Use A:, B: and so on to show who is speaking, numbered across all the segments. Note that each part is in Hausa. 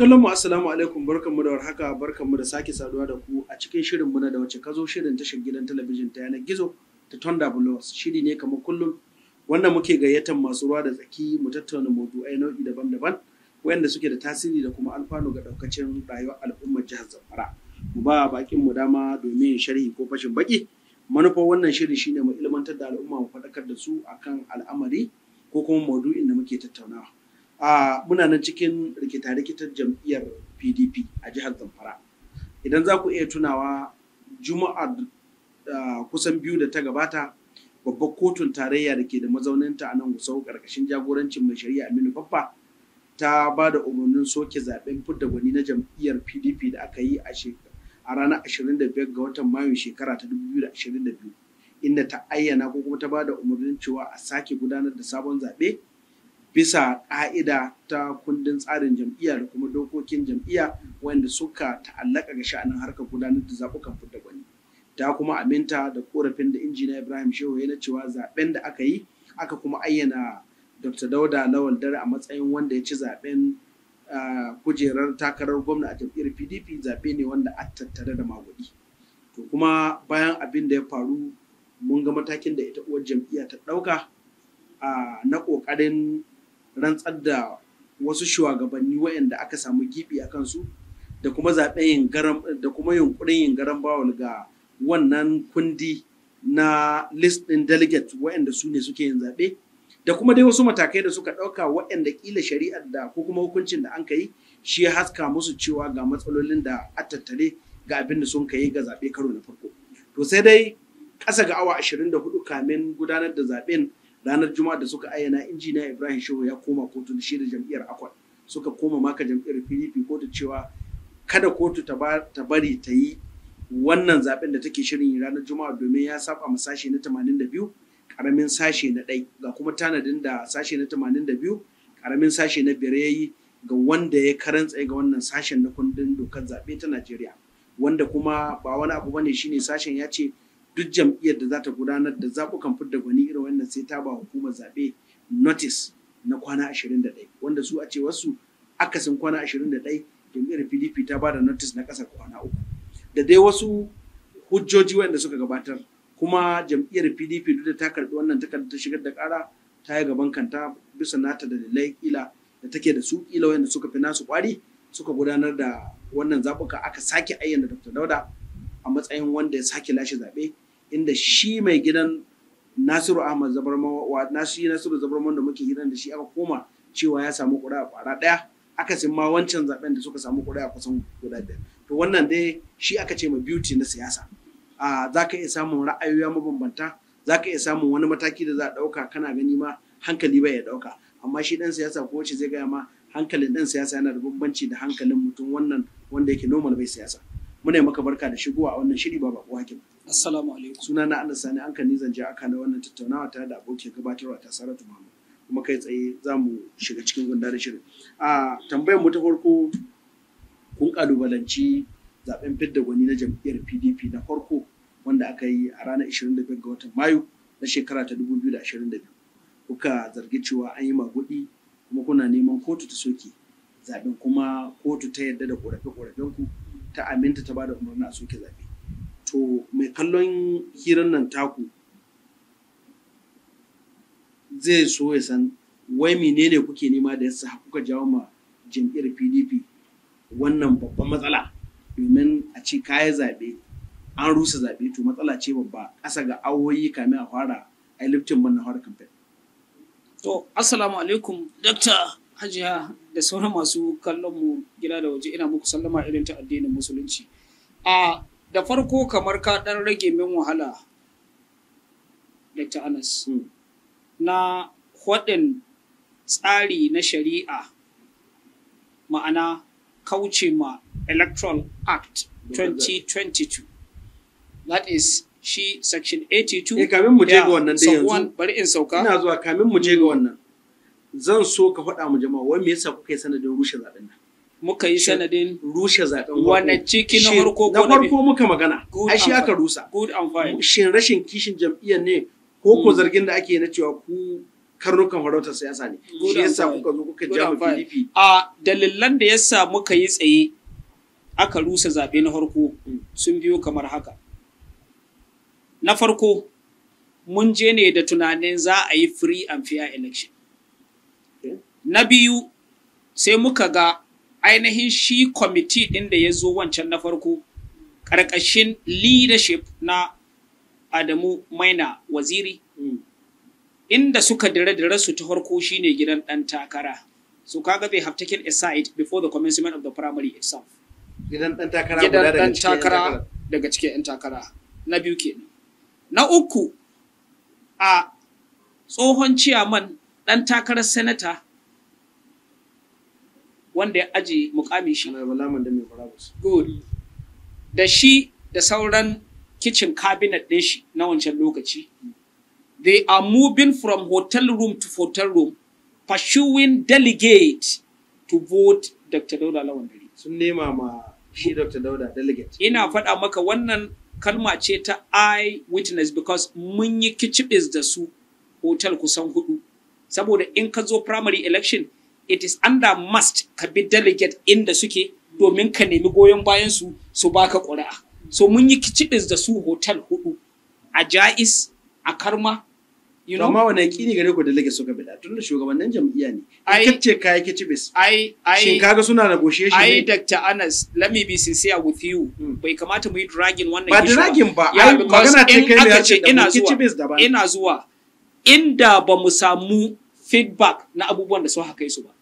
A: kallon mu assalamu alaikum barkanmu da warhaka barkanmu da sake saduwa da ku a cikin shirin mu na da wace kazo shirin tashar gidan talabijin ta yanar gizo ta tonda Blows shiri ne kamar kullum wanda muke gayyatar masu ruwa da tsaki mu tattauna maudu'ai nau'i daban-daban wayanda suke da tasiri da kuma alfanu ga daukacin rayuwar al'ummar jihar Zamfara mu ba bakin mu dama domin sharhi ko fashin baki manufar wannan shirin shine mu ilmantar da al'umma mu faɗakar da su akan al'amari ko kuma maudu'in da muke tattaunawa muna nan cikin rikita-rikitar jam'iyyar pdp a jihar zamfara idan za ku iya tunawa juma'a kusan biyu da ta gabata babbar kotun tarayya da ke da mazauninta a nan gusau karkashin jagorancin mai shari'a aminu Baffa ta ba da umarnin soke zaɓen fidda gwani na jam'iyyar pdp da aka yi a ranar 25 ga watan mayu shekara ta 2022 inda ta ayyana ko kuma ta ba da umarnin cewa a sake gudanar da sabon zaɓe bisa ƙa'ida ta kundin tsarin jam'iyya da kuma dokokin jam'iyya wanda suka ta'allaka ga sha'anin harkar gudanar da zaɓukan fudda gwani ta kuma aminta da korafin da injiniya ibrahim shehu ya na cewa zaɓen da aka yi aka kuma ayyana dr dauda lawal dare a matsayin wanda ya ci zaɓen kujerar takarar gwamna a jam'iyyar pdp zaɓe ne wanda a tattare da magudi to kuma bayan abin da ya faru mun ga matakin da ita uwar jam'iyya ta ɗauka na ƙoƙarin rantsar da wasu shugabanni waɗanda aka samu gibi a kansu da kuma zaɓen da kuma yunkurin yin garan bawul ga wannan kundi na list ɗin delegate waɗanda su ne suke yin zaɓe da kuma dai wasu matakai da suka ɗauka waɗanda ƙila shari'ar da ko kuma hukuncin da an kai shi ya haska musu cewa ga matsalolin da a tattare ga abin da sun kayi ga zaɓe karo na farko to sai dai ƙasa ga awa 24 kamin gudanar da zaɓen ranar juma'a da suka ayyana injiniya ibrahim shehu ya koma kotu da shi da jam'iyyar akwai suka koma maka jam'iyyar pdp kotu cewa kada kotu ta bari ta yi wannan zaben da take shirin yi. ranar juma'a domin ya saba ma sashe na 82 karamin sashe na ɗai ga kuma tanadin da sashe na 82 karamin sashe na biyar yayi ga wanda ya karantsa ga wannan sashen na kundin dokar zaɓe ta najeriya wanda kuma ba wani abu bane shine sashen ya ce duk jam'iyyar da za ta gudanar da zaɓukan fidda gwani irin wannan sai ta ba hukumar zaɓe notice na kwana 21 wanda su a ce wasu akasin kwana 21 jam'iyyar pdp ta ba da notice na ƙasar kwana uku da dai wasu hujjoji wanda suka gabatar kuma jam'iyyar pdp duk da ta karɓi wannan takarda ta shigar da ƙara ta yi gaban kanta bisa nata da dalilai ila da take da su kila wanda suka fi nasu kwari suka gudanar da wannan zaɓuka aka sake ayyana dr dauda a matsayin wanda ya sake lashe zaɓe inda shi mai gidan Nasiru Ahmad Zabarman Na Nasiru Nasiru Zabarman da muke gidan da shi aka koma cewa ya samu ƙuri'a ƙwara ɗaya sin ma wancan zaɓen da suka samu ƙuri'a kusan guda biyar to wannan dai shi aka ce ma beauty na siyasa a za ka iya samun ra'ayoyi mabambanta za ka iya samun wani mataki da za a ɗauka kana gani ma hankali bai ya ɗauka amma shi ɗan siyasa ko wace zai gaya ma hankalin ɗan siyasa yana da bambanci da hankalin mutum wannan wanda yake normal bai siyasa muna maka barka da shigo a wannan shiri ba bako hakim assalamu alaikum suna na Allah sani an kan zanje aka na wannan tattaunawa tare da abokin gabatarwa ta Saratu Mama. kuma kai tsaye za mu shiga cikin gundar shirin a tambayar mu ta farko kun kalubalanci zaben fidda gwani na jam'iyyar PDP na farko wanda aka yi a ranar 25 ga watan Mayu na shekara ta 2022 kuka zargi cewa an yi magudi kuma kuna neman kotu ta soke zaben kuma kotu ta yarda da korafe korafen ku. ta aminta ta bada umarni a soke zaɓe to mai kallon hirar nan taku zai so ya san wai menene kuke nema da yasa kuka jawo ma jam'iyyar pdp wannan babban matsala domin a ce kayan zaɓe an rusa zaɓe to matsala ce
B: babba kasa ga awoyi kamin a fara a liftin mun na fara kamfen. to assalamu alaikum dr hajiya da sauran masu kallon mu gida da waje ina muku sallama irin ta addinin musulunci a da farko kamar ka dan rage min wahala Dr. Anas hmm. na hudin tsari na shari'a ma'ana kauce ma electoral act 2022 that is shi section 82 E, eh, kamin mu je ga wannan dai yanzu bari in sauka ina zuwa kamin mu je ga hmm. wannan
A: zan so ka faɗa mu jama'a wai me yasa kuka yi sanadin rushe zaɓen nan muka yi sanadin rushe zaɓen wani ciki na farko ko na farko muka magana a shi aka rusa good and fine shin rashin kishin jam'iyyar ne ko ko hmm. zargin da ake na cewa ku karnukan farautar
B: siyasa ne shi yasa kuka zo kuka jama PDP a dalilan da yasa muka yi tsaye aka rusa zaɓe na farko hmm. sun biyo kamar haka na farko mun je ne da tunanin za a yi free and fair election na biyu sai muka ga ainihin shi kwamiti ɗin da ya zo wancan na farko ƙarƙashin leadership na Adamu Maina Waziri, hmm. inda suka dire-dire su ta farko shine gidan ɗan takara. So kaga they have taken side before the commencement of the primary itself. Gidan ɗan takara guda daga cikin takara daga cikin ɗan takara. Na biyu kenan. Na uku a tsohon ciyaman ɗan takarar senata wanda ya aje mukamin shi good da shi da sauran kitchen cabinet ɗin shi na wancan lokaci they are moving from hotel room to hotel room pursuing delegate to vote Dr. Dauda Lawandari. Sun nema ma shi Dr. Dauda delegate. Ina faɗa maka wannan kalma ce ta I witness because mun yi kicibis da su hotel kusan hudu. Saboda in ka zo primary election it is under must ka bi delegate inda suke domin ka nemi goyon bayan su su baka ƙuri'a so mun yi kicibis da su hotel hudu a jais a karma you know amma wannan kini gare ku delegate suka bi da tun da shugabannin jam'iyya ne ai kace kai kicibis ai ai shin kaga suna negotiation ai Dr. Anas let me be sincere with you hmm. bai kamata mu yi dragging wannan ba dragging ba ai magana ce kai ne ce ina zuwa ina zuwa inda ba mu samu feedback na abubuwan da sun haka su ba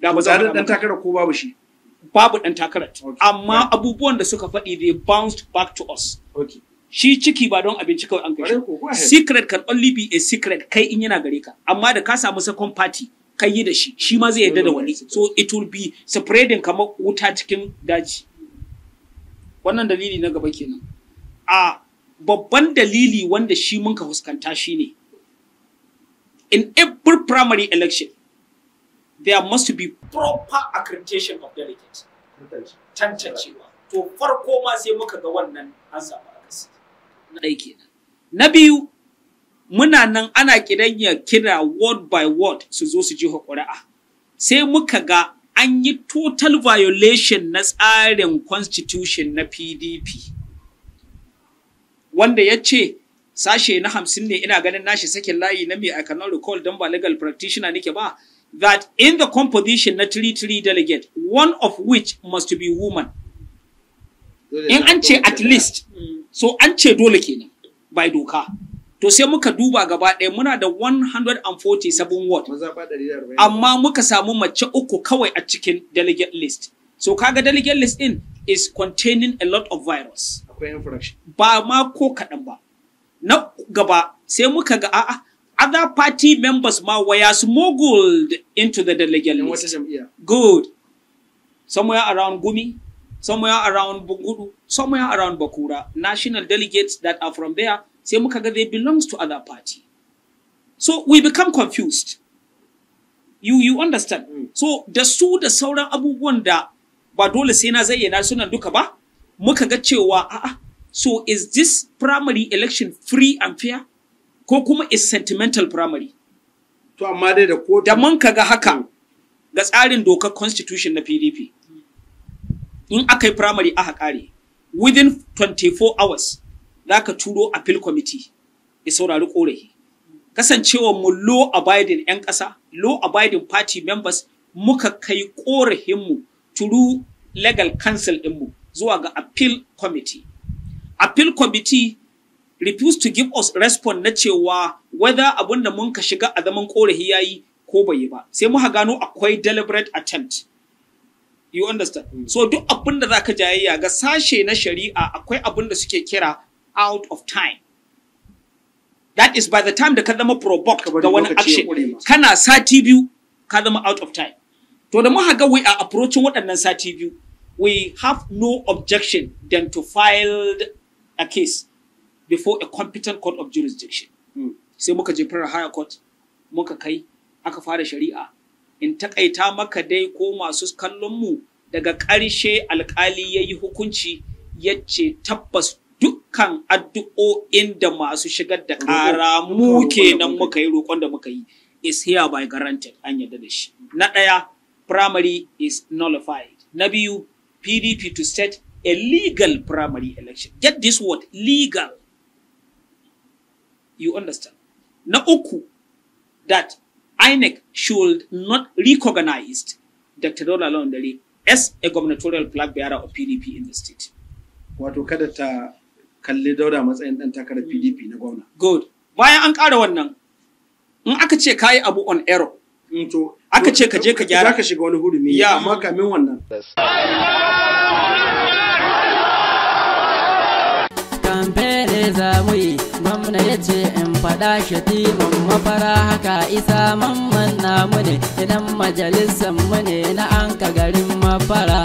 B: da ba dan takara ko babu shi babu ɗan takarar amma abubuwan da suka faɗi they bounced back to us shi ciki ba don abinci kawai an kashe. secret can only be a secret kai in yana gare ka amma da ka samu second party kai yi da shi shi ma zai yadda da wani so it will be spreading kamar wuta cikin daji wannan dalili na gaba kenan a babban dalili wanda shi mun ka fuskanta ne. in every primary election there must be proper accreditation of delegates. Tantancewa. To farko ma sai muka ga wannan an samu akasi. Na kenan. Na biyu, muna nan ana kidanya kira word by word su zo su ji ƙuri'a. Sai muka ga an yi total violation na tsarin constitution na PDP. Wanda ya ce sashe na hamsin ne ina ganin nashi sakin layi na mai I cannot recall don ba legal practitioner nake ba that in the composition na tiri-tiri delegate one of which must be woman in an ce at least so an ce dole kenan by doka to sai muka duba gaba ɗaya muna da 147 ward amma muka samu mace uku kawai a cikin delegate list so kaga delegate list in is containing a lot of virus ba ma ko kaɗan ba na gaba sai muka ga a'a other party members ma were smuggled into the delegate list. Good. Somewhere around Gumi, somewhere around Bungudu, somewhere around Bakura, national delegates that are from there, say muka they belongs to other party. So we become confused. You, you understand? Mm. So da su da sauran abubuwan da ba dole sai na zayyana sunan duka ba, muka ga cewa a'a, so is this primary election free and fair? ko kuma is sentimental primary to amma dai da ko da mun kaga haka ga tsarin dokar constitution na PDP in aka yi primary aka kare within 24 hours za ka turo appeal committee ya saurari korafi kasancewa mu law abiding 'yan ƙasa law abiding party members muka kai mu turu legal council ɗinmu zuwa ga appeal committee appeal committee refuse to give us response na cewa whether abin da mun ka shiga a zaman korafi yayi ko bai yi ba sai muka gano akwai deliberate attempt you understand mm. so duk abin da zaka jayayya ga sashe na shari'a akwai abin da suke kira out of time that is by the time da ka zama provoked ga wani action kana sati biyu ka zama out of time to da muka ga we are approaching waɗannan sati biyu we have no objection than to file a case before a competent court of jurisdiction hmm. sai muka je fara higher court muka kai aka fara shari'a in takaita maka dai ko masu kallon mu daga ƙarshe alkali ya yi hukunci ya ce tabbas dukkan addu'o'in da masu shigar da ƙara mu kenan muka yi roƙon da muka yi is hereby guaranteed an yarda da shi na ɗaya primary is nullified na biyu pdp to set a legal primary election get this word legal You understand? Na uku, that INEC should not recognize Dr. Dola Londari as a gubernatorial flag bearer of PDP in the state. Wato kada ta kalli daura matsayin ɗan takarar PDP na gwamna. Good. Bayan an ƙara wannan, in aka ce ka yi abu on error, mm, aka ce ka je ka gyara. Za ka shiga wani hurumi, amma kamin wannan.
C: Kamfe ne za mu yi. na ya ce in faɗa shatiman mafara haka isa mamman namu ne idan majalisan mu ne na an ka garin mafara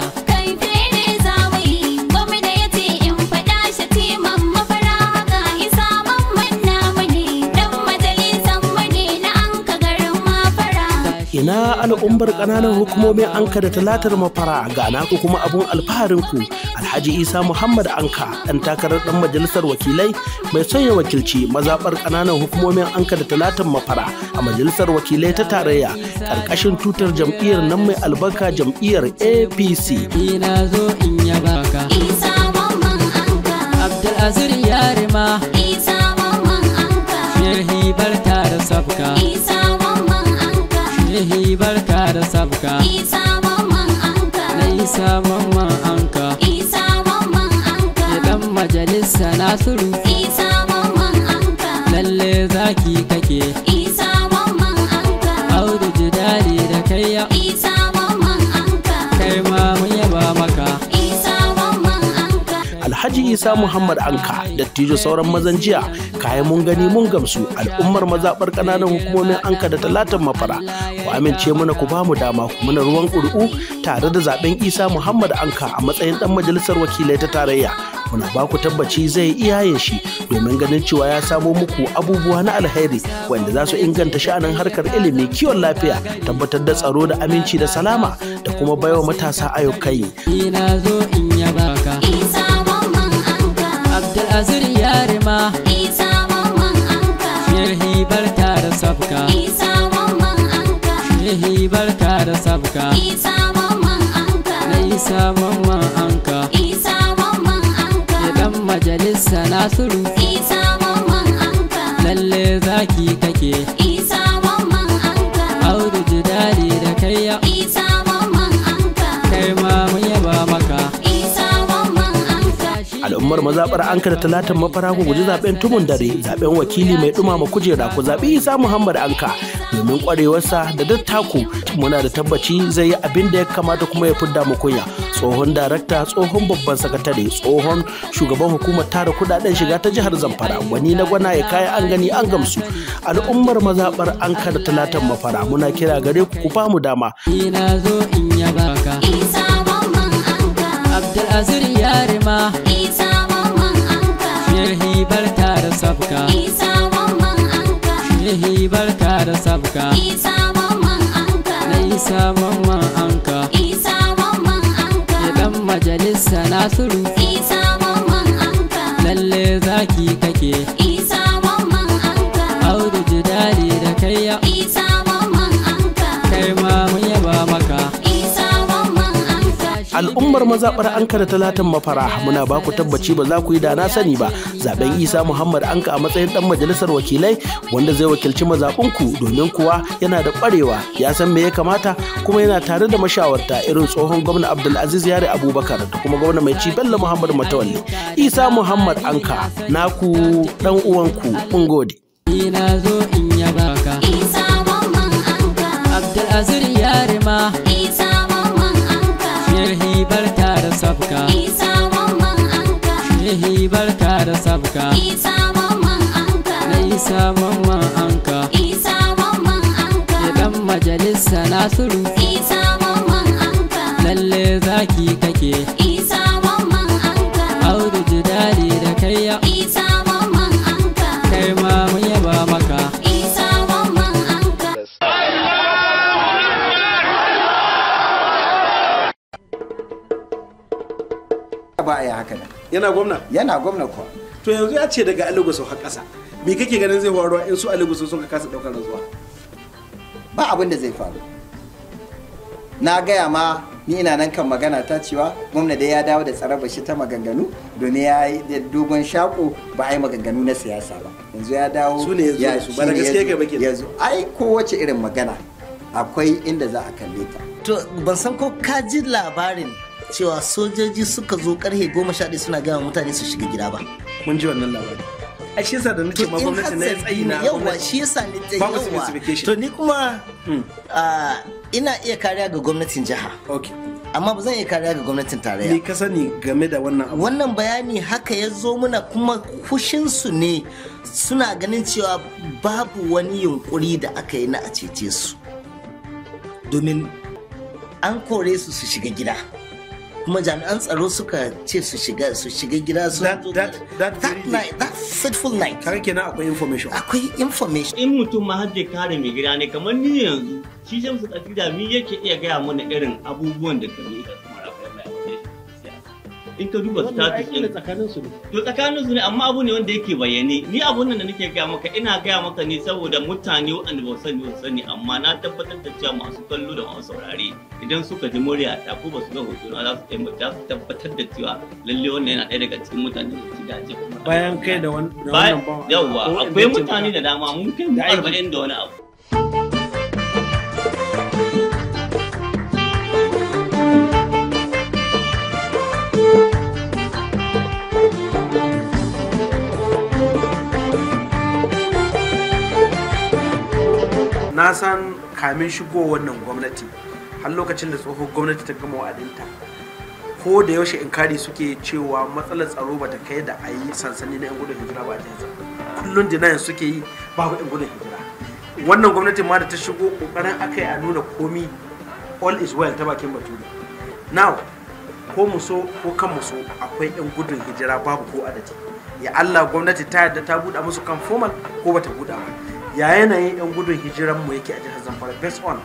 A: ina al'ummar ƙananan hukumomin anka da talatar mafara ga na kuma abun alfaharinku Alhaji Isa Muhammad Anka ɗan takarar ɗan majalisar wakilai mai sanya wakilci mazaɓar ƙananan hukumomin Anka da Talatin Mafara a majalisar wakilai ta tarayya ƙarƙashin tutar jam'iyyar nan mai albarka jam'iyyar APC. Ina
C: Isa Mamman Anka. Yarima. Isa Mamman Anka. Isa Anka. Isa Anka. isa nasiru
D: isa mamman anka
C: lalle zaki kake
D: isa mamman
C: anka audu jidali da kaiya isa mamman anka kai ma mu
A: maka isa mamman anka alhaji isa muhammad anka dattijo sauran mazan jiya kayan mun gani mun gamsu al'ummar mazaɓar ƙananan hukumomin anka da talatin mafara ku amince muna ku bamu dama ku mana ruwan ƙuri'u tare da zaɓen isa muhammad anka a matsayin ɗan majalisar wakilai ta tarayya muna ba ku tabbaci zai iyaye shi domin ganin cewa ya samo muku abubuwa na alheri wanda za su inganta sha'anin harkar ilimi kiwon lafiya tabbatar da tsaro da aminci da salama da kuma baiwa matasa ayyukan yi. Ina
C: Isa Yarima. anka. Isa mamman anka. Isa mamman anka. majalisa nasiru isa mamman anka lalle zaki kake
D: isa mamman anka
C: audu jidali da kaiya isa mamman anka kai ma mu yaba
A: maka isa anka al'ummar mazaɓar anka da talatin mafara ku guji zaben tumun dare zaben wakili mai ɗumama kujera ku zabi isa muhammad anka domin kwarewarsa da dattaku muna da tabbaci zai yi abin da ya kamata kuma ya fi mu kunya tsohon darakta tsohon babban sakatare tsohon shugaban hukumar tara kudaden shiga ta jihar zamfara wani na gwana ya kaya an gani an gamsu al'ummar mazabar an kada talatan mafara muna kira gare ku ku famu dama. ka.
C: Isa mamman anka. Isa mamman anka. Isa isa mamman anka. ta nasiru
D: isa mamman anka
C: lalle zaki kake isa mamman anka audu jidali al'ummar
A: mazaɓar Anka da talatan mafara muna ba ku tabbaci ba za ku yi da na sani ba zaɓen isa muhammad anka a matsayin ɗan majalisar wakilai wanda zai wakilci mazaɓunku domin kuwa yana da ƙwarewa ya san me ya kamata kuma yana tare da mashawarta irin tsohon gwamna abdulaziz yare abubakar da kuma gwamna mai ci bello muhammad matawalli isa muhammad anka naku
C: ɗan uwanku kun sabka isa mamman anka na isa mamman anka
D: isa mamman anka
C: ya dan majalisa suru
D: isa mamman anka
C: lalle zaki kake isa mamman anka audu jidali da kaiya isa mamman anka kai ma mu yaba maka
A: yi haka nan yana gwamna yana gwamna kuwa to yanzu ya ce daga aligu sau har ƙasa me kake ganin zai faruwa in su aligu sun ka kasa ɗaukar zuwa ba abin da zai faru na gaya ma ni ina nan kan magana ta cewa gwamna dai ya dawo da tsarar bashi ta maganganu domin ya yi da dogon shako ba a yi maganganu na siyasa ba yanzu ya dawo su ne yanzu ba da gaske ga bakin yanzu ai kowace irin magana akwai inda za a kalle ta
E: to ban san ko ka ji labarin cewa
A: sojoji suka zo karhe goma sha suna gaya mutane su shiga gida ba mun ji wannan labari a shi yasa da nake ma gwamnati na tsayi na yawa shi yasa ni tsayi babu specification to ni kuma hmm. ina iya kariya ga gwamnatin jiha okay amma ba zan iya kariya ga gwamnatin tarayya ni ka sani game da wannan abu wannan bayani haka ya zo muna kuma kushin su ne suna ganin cewa babu wani yunkuri da aka yi na a cece su domin an kore su su shiga gida kuma jami'an tsaro suka ce su shiga su shiga gida su that fateful night kaga kenan akwai information akwai information
B: in mutum ma har kare mai gida ne kamar ni yanzu shi shamsu kasida mi yake iya gaya mana irin abubuwan da kare in ka duba status din
A: tsakanin su ne
B: to tsakanin su ne amma abu ne wanda yake bayani. ni abun nan da nake gaya maka ina gaya maka ne saboda mutane wanda ba sani ba sani amma na tabbatar da cewa masu kallo da masu saurare idan suka ji murya ta ko ba su ga hoto na za su taimaka su tabbatar da cewa lalle wannan yana ɗaya daga cikin mutane da su dace
A: bayan kai da wannan
B: bawan yawwa akwai mutane da dama mun kai mu 40 da wani abu
A: na san kamin shigo wannan gwamnati har lokacin da tsohon gwamnati ta gama wa'adinta ko da yaushe in kare suke cewa matsalar tsaro bata kai da a yi sansani na 'yan gudun hijira ba a jihar kullum dinayin suke yi babu 'yan gudun hijira wannan gwamnati ma da ta shigo kokarin aka yi a nuna komi all is well ta bakin baturi now ko muso ko kan muso akwai 'yan gudun hijira babu ko adadi ya allah gwamnati ta yarda ta buɗe musu kan formal ko bata buɗa ba ya yanayin yan gudun hijiran mu yake a jihar zamfara based on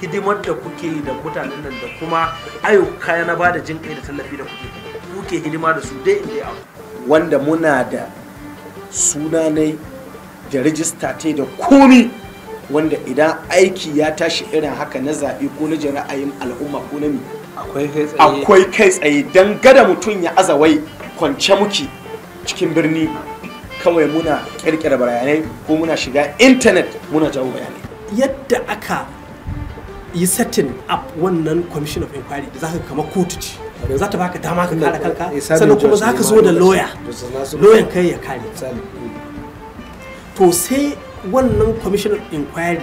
A: hidimar da kuke yi da mutanen nan da kuma ayyuka na ba da jin da tallafi da kuke kuke hidima da su dai inda ya wanda muna da suna da rijista ta da komi wanda idan aiki ya tashi irin haka na zaɓe ko na ra'ayin al'umma ko na mi akwai kai tsaye don gada mutum ya azawai kwance muke cikin birni kawai muna kirkira bayanai ko muna shiga intanet muna jawo bayanai yadda aka yi setting up wannan commission of inquiry da zaka kama kotu ce za ta baka dama ka kare kanka eh, sannan kuma za ka zo da lawyer lawyer kai ya kare to sai wannan commission of inquiry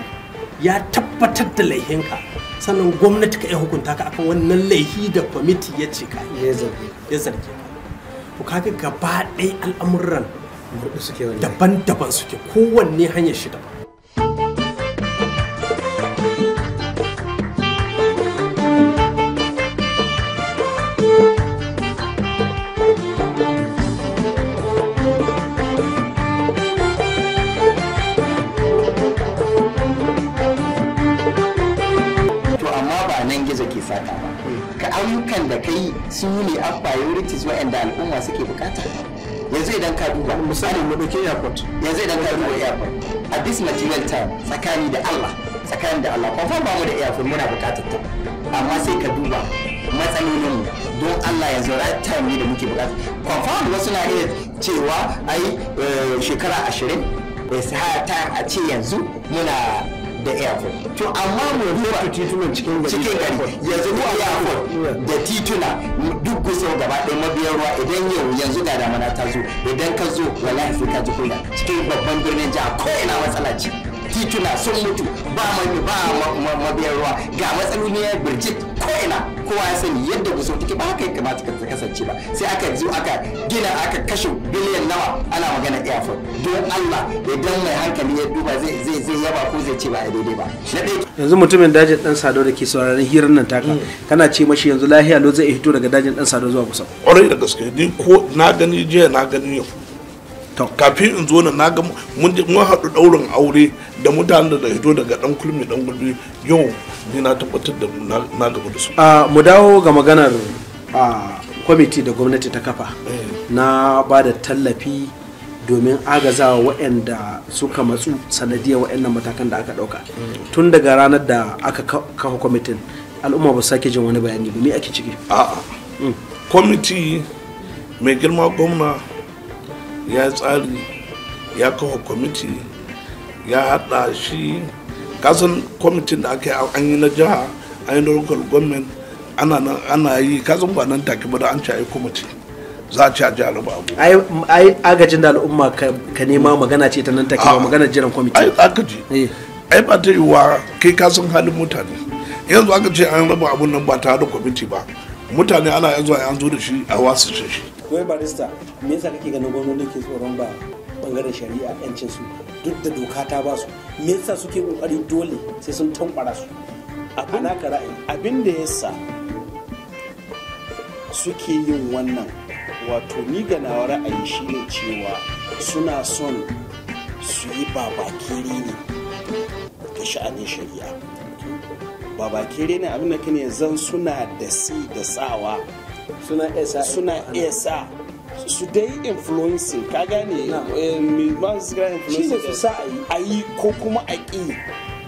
A: ya tabbatar da laihinka sannan gwamnati ka iya hukunta ka akan wannan laihi da committee ya ce ka ya zarge ka to kaga gaba ɗaya al'amuran murɗu suke wani daban-daban suke kowanne hanyar shi daban amma ba ka ayyukan da kai su ne a priorities waɗanda al'umma suke bukata yanzu idan ka duba misali mu dauke airport yanzu idan ka duba airport a this material time tsakani da Allah tsakani da Allah confirm ba mu da airport muna bukatar ta amma sai ka duba matsalolin mu don Allah ya zura time ne da muke bukata confirm wasu na iya cewa ai eh, shekara 20 eh, sai sa ta a ce yanzu muna da airport to amma mu duba titunan cikin gari cikin gari yanzu mu airport da tituna duk gusau gaba ɗaya mabiyan ruwa idan yau yanzu ga damana ta zo idan ka zo wallahi sai ka ji kula cikin babban birnin jiha ko ina matsala ce tituna sun mutu ba mai ba mabiyan ruwa ga matsaloli ya birjit ko ina kowa ya sani yadda guso take ba haka ya kamata ka kasance ba sai aka zo aka gina aka kashe biliyan nawa ana magana airport don Allah idan mai hankali ya duba zai zai zai yaba ko
D: zai ce ba a daidai ba
A: yanzu mutumin dajin dan sado da ke sauraron hirar nan taka hmm. kana ce mashi yanzu lahiya lo zai fito daga dajin dan sado zuwa kusa kwarai da gaske ni ko na gani jiya na gani yau kafin in zo na ga mun haɗu ɗaurin aure da mutanen da hito daga ɗan kulmi ɗan gudu yau ni na tabbatar da na gaba da su mu dawo ga maganar kwamiti da gwamnati ta kafa eh. na ba da tallafi domin agazawa waɗanda suka matsu sanadiyar waɗannan matakan da aka ɗauka eh. tun daga ranar da aka kafa kwamitin al'umma ba sake jin wani bayani ba ake ciki a'a mm. kwamiti mai girma gwamna ya tsari ya kawo kwamiti ya haɗa shi kasan kwamitin da aka yi an yi na jiha an yi na local government ana yi kasan ba nan take ba da an ci a yi kwamiti za a ci a jihar ba abu ai agajin da al'umma ka nema hmm. magana ce ta nan take ba ah, magana jiran kwamiti ai agaji eh. ai ba ta yi wa kai kasan halin mutane yanzu aka ce an raba abun nan ba tare da kwamiti ba mutane ana yanzu a yanzu da shi a wasu shi wai barista me yasa kake ganin gwamnati ke tsoron ba bangaren shari'a yancin su duk da doka ta ba su me yasa suke kokari dole sai sun tankwara su a naka ra'ayi abin da yasa suke yin wannan wato ni ga nawa ra'ayi shine cewa suna son su yi babakere ne ga sha'anin shari'a babakere ne abin da kane zan suna da si da sawa suna esa suna esa su dai influencing ka gane eh, mai su gane influencing su sa a yi ko kuma a ƙi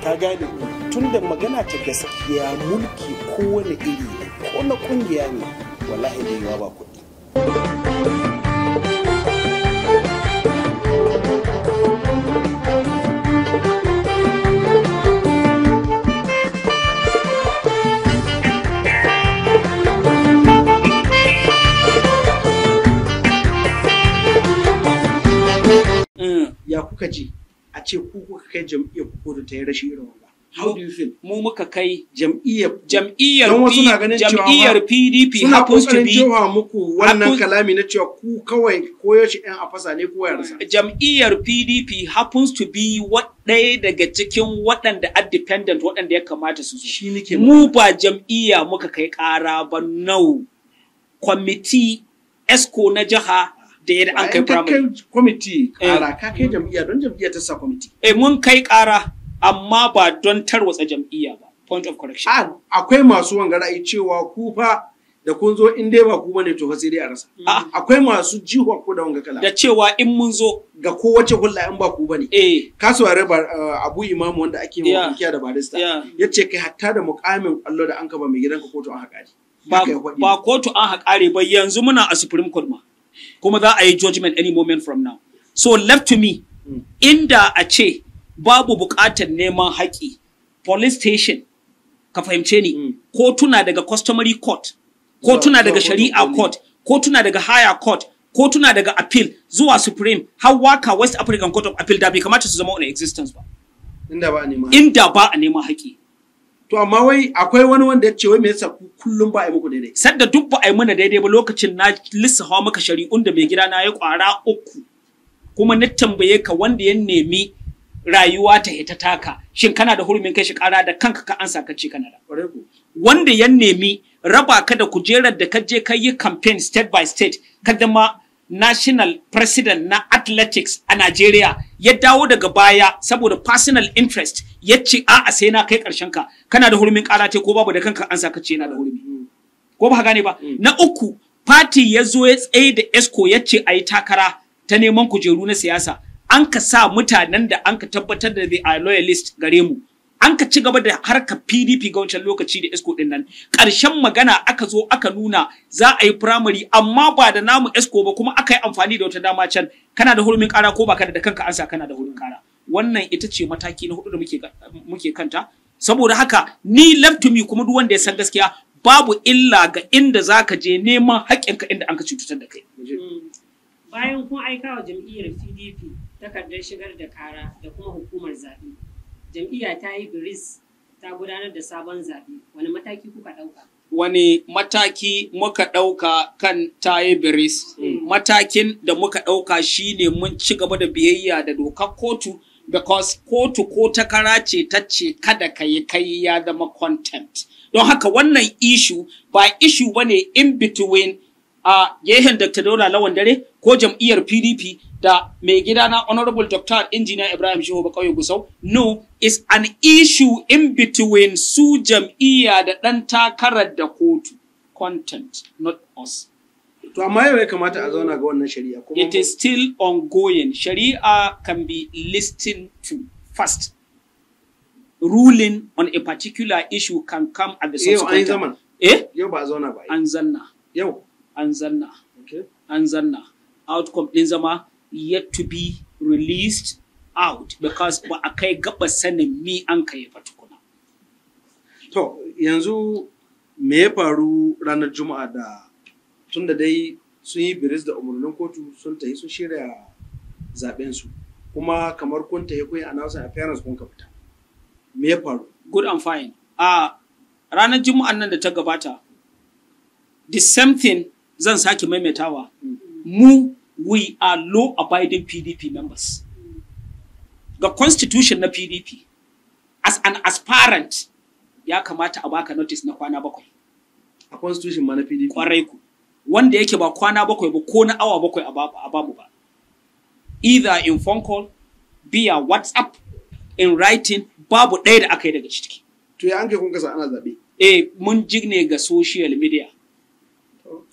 A: ka gane tun da magana ta gaskiya mulki kowane iri ko na kungiya ne wallahi
D: da yawa ba kuɗi
A: kuka ji a ce ku kuka kai jam'iyyar ku ko da ta yi rashin irin wanga how do you feel
B: mu muka kai jam'iyyar jam'iyyar jam'iyyar PDP happens to be suna muku wannan kalami na cewa ku kawai koyaushe yan afasa ne ko yarsa jam'iyyar PDP happens to be what ɗaya daga cikin waɗanda are dependent waɗanda ya kamata su zo mu ba jam'iyya muka kai ƙara ba no kwamiti esco na jiha da yadda an kai primary. Kai kwamiti kara eh. ka kai jam'iyya don jam'iyya ta sa kwamiti. Eh mun kai kara amma ba don tarwatsa jam'iyya ba. Point of correction. Ah, akwai masu wanga ra'ayi cewa ku fa da kun zo in dai ba
A: ku bane to fa sai dai a rasa. Ah. Akwai masu jiwa ko da wanga kala. Da cewa in mun zo ga kowace hulla in ba ku bane. Eh. Kasuwar uh, Abu Imam wanda ake yeah. mawakiya da barista.
B: Yace kai hatta da mukamin Allah da an ka ba mai gidanka kotu an haƙari. Ba kotu an haƙare ba yanzu muna a Supreme Court ma. kuma za a yi judgment any moment from now so left to me hmm. inda a ce babu buƙatar neman haƙi police station ka fahimce ni hmm. kotuna daga customary court kotuna daga shari'a court kotuna daga higher court kotuna daga appeal zuwa supreme har waka west african court of appeal da bai kamata su zama on existence ba inda ba a neman haƙi
A: To amma wai akwai wani wanda ya ce wai me yasa saku kullum ba a yi muku daidai.
B: Sadda duk ba a yi mana daidai ba lokacin na hawa maka shari'un da mai gida na ya kwara uku. Kuma na tambaye ka wanda ya nemi rayuwa ta hita taka shin kana da hurumin kai shi kara da kanka ka ansa ka ce kana da. Wanda ya nemi raba ka da kujerar da ka je ka yi campaign state by state ka zama national president na athletics a Nigeria ya dawo daga baya saboda personal interest ya ce a'a sai na kai karshen ka kana da hurumin kara ce ko babu da kanka an saka ce yana da hurumi ko ba gane ba mm. na uku party ya zo ya tsaye da esco ya ce a yi takara ta neman kujeru na siyasa an ka sa mutanen da an ka tabbatar da the a loyalist gare mu an ka ci gaba da harkar PDP ga wancan lokaci da ESCO din nan ƙarshen magana aka zo aka nuna za a yi primary amma ba da namu ESCO ba kuma aka yi amfani da wata dama can kana da hurumin ƙara ko ba ka da kanka ansa kana da hurumin ƙara wannan ita ce mataki na hudu da muke kanta saboda haka ni left me kuma duk wanda ya san gaskiya babu illa ga inda zaka je neman haƙƙinka inda an ka cutar da kai
E: mm. bayan kun aika wa jam'iyyar PDP takardar shigar da kara da kuma hukumar zaɓe jam'iyya ta yi biris ta gudanar da sabon zaɓe wani mataki kuka ɗauka
B: wani mataki muka ɗauka kan taye biris hmm. matakin da muka ɗauka shine mun ci gaba da biyayya da dokar kotu because kotu ko takara ce ta ce kada ka yi kai ya zama content don haka wannan ishu ba ishu bane in between a uh, gehen dr daura lawan dare ko jam'iyyar pdp da mai gida na honorable doctor, Injiniya Ibrahim Shehu Kauye Gusau no is an issue in between su jam'iyya da dan takarar da kotu content not us to amma yau ya kamata a zauna ga wannan shari'a kuma it is still ongoing shari'a can be listened to first ruling on a particular issue can come at the subsequent yau zaman eh yau ba a zauna ba an zanna yau an zanna okay an zanna outcome din zama yet to be released out because ba a kai gaba sanin mi an kai ba tukuna.
A: To yanzu me ya faru ranar Juma'a da tun da dai sun yi biris da umarnin kotu sun tafi sun shirya zaben su
B: kuma kamar kun tafi kun yi announcing appearance kun ka fita. Me ya faru? Good and fine. Uh, ranar Juma'an nan da ta gabata the same thing zan sake maimaitawa. Mm. Mu we are law abiding PDP members. The constitution na PDP, as an aspirant, ya kamata a baka notice na kwana bakwai. A constitution ma na PDP? Kwarai ku. Wanda yake ba kwana bakwai ba ko na awa bakwai a babu ba. Either in phone call, via WhatsApp, in writing, babu ɗaya da aka yi daga ciki. To ya an kai kun kasa ana zaɓe? Eh, mun jigne ga social media.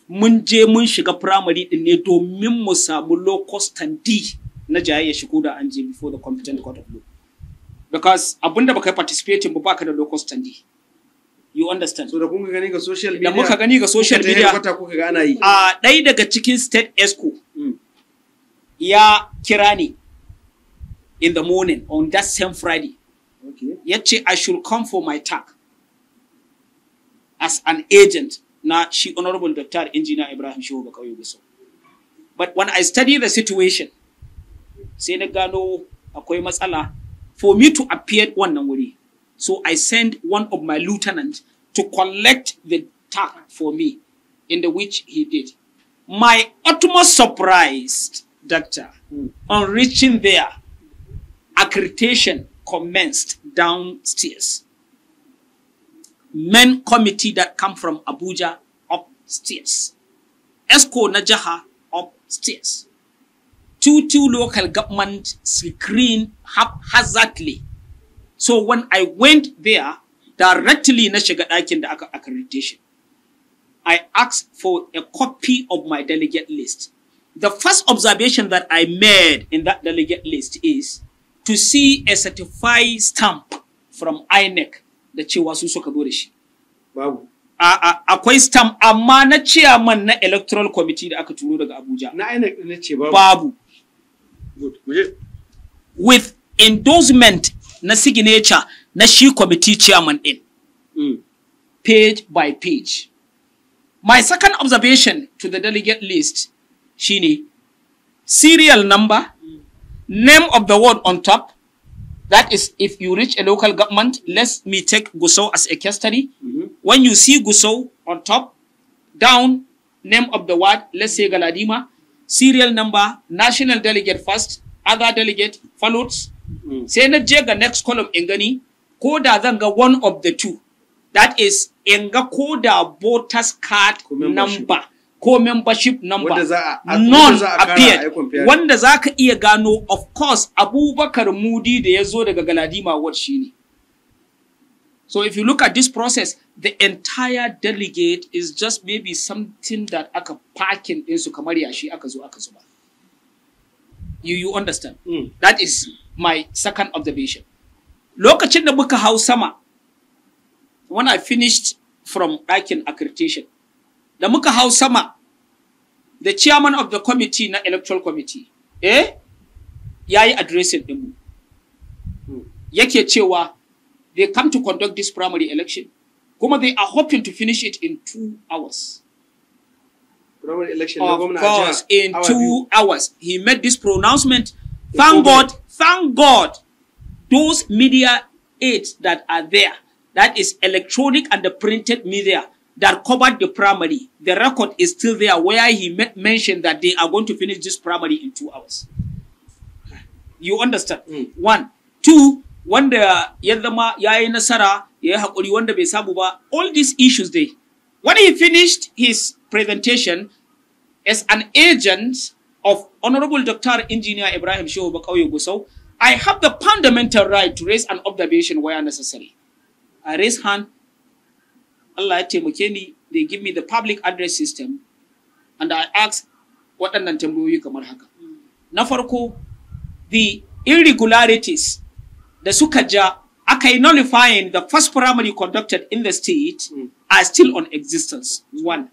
B: mun je mun shiga primary din ne domin mu samu low cost and D na ya shigo da an je before the competent court of law because abinda baka participating ba baka da low cost and D you understand so da kun gani ga social media da muka gani ga social media kuka ga ana yi a ɗaya daga cikin state esco hmm. ya kira ni in the morning on that same friday okay. ya ce i should come for my tag as an agent na shi honorable doctor Injina Ibrahim Shehu kauye Gusau. But when I study the situation, sai na gano akwai matsala for me to appear wannan wuri. So I send one of my lieutenant to collect the tag for me in the which he did. My utmost surprise, doctor, mm. on reaching there, accreditation commenced downstairs. men committee that come from Abuja upstairs, ESCO na jaha upstairs. Two, two local government screen haphazardly. So when I went there, directly na shiga Dakin, accreditation, I asked for a copy of my delegate list. The first observation that I made in that delegate list is to see a certified stamp from INEC da cewa su suka zo da shi. Babu. Akwai stamp amma na chairman na electoral committee da aka turo daga Abuja. Na na ce babu. Babu. With endorsement na signature na shi committee chairman din. Mm. Page by page. My second observation to the delegate list shine serial number, mm. name of the word on top, That is, if you reach a local government, let me take Gusau as a case study. Mm -hmm. When you see Gusau on top, down, name of the ward, let's say Galadima, serial number, national delegate first, other delegate, followed. Mm -hmm. na je ga next column in gani, ko da zan ga one of the two. That is, in ga ko da voters card number. ko membership number non appeared wanda za ka iya gano of course abubakar mudi da ya zo daga galadima shi shine so if you look at this process the entire delegate is just maybe something that aka parking ɗinsu kamar yashi aka zo aka zuba you you understand mm. that is my second observation lokacin da muka hau sama when i finished from ɗakin accreditation da muka hau sama the chairman of the committee na electoral committee eh yayi addressing din mu yake cewa they come to conduct this primary election kuma they are hoping to finish it in two hours primary election of course in two hours he made this pronouncement thank god thank god those media aids that are there that is electronic and the printed media that covered the primary, the record is still there where he mentioned that they are going to finish this primary in two hours. You understand? Mm. One. Two, wanda ya zama ya yi nasara ya yi haƙuri wanda bai samu ba, all these issues dai. When he finished his presentation as an agent of Honorable Dr. Engineer Ibrahim Shehu Bakauye Gusau, I have the fundamental right to raise an observation where necessary. I raise hand Allah ya taimake ni they give me the public address system and I ask waɗannan tambayoyi kamar haka. Na farko, the irregularities da suka ja aka yi nullifying the first primary conducted in the state mm. are still on existence. One.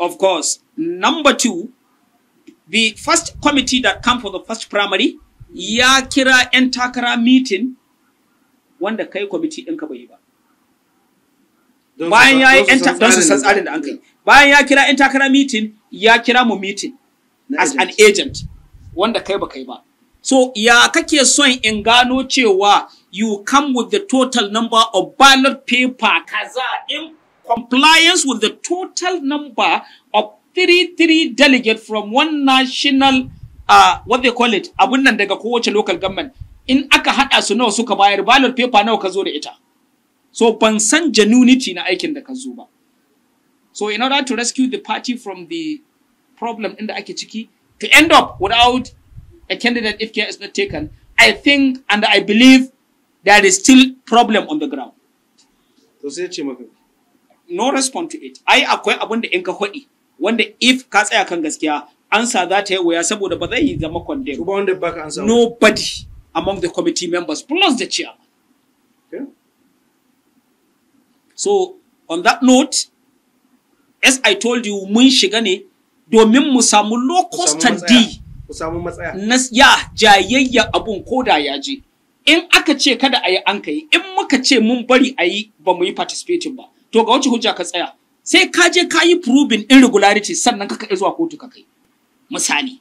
B: Of course. Number two, the first committee that come for the first primary ya kira 'yan takara meeting wanda kai kwamiti ka bai yi ba.
E: bayan ya yi don su san tsarin da
B: an kai bayan ya kira yan takara meeting ya kira mu meeting as an agent wanda kai ba kai ba so ya kake son in gano cewa you come with the total number of ballot paper kaza in compliance with the total number of 33 delegates from one national uh, what they call it abun nan daga kowace local government in aka hada su nawa suka bayar ballot paper nawa ka zo da ita So ban san genuinity na aikin da ka zo ba. So in order to rescue the party from the problem in da ake ciki, to end up without a candidate if care is not taken, I think and I believe there is still problem on the ground. To sai ce maka. No respond to it. Ai akwai abin da in ka hodi wanda if ka tsaya kan gaskiya ansa za ta yi waya saboda ba zai zama condemn. Nobody among the committee members plus the chairman. So, on that note, as I told you, mun shiga ne domin mu samu and D. Na ya jayayya abun koda ya je. In aka ce kada a yi an kai, in muka ce mun bari a yi ba mu yi participating ba. To ga wace hujja ka tsaya. Sai ka je ka yi proving irregularity sannan ka kai zuwa kotu ka kai. Misali.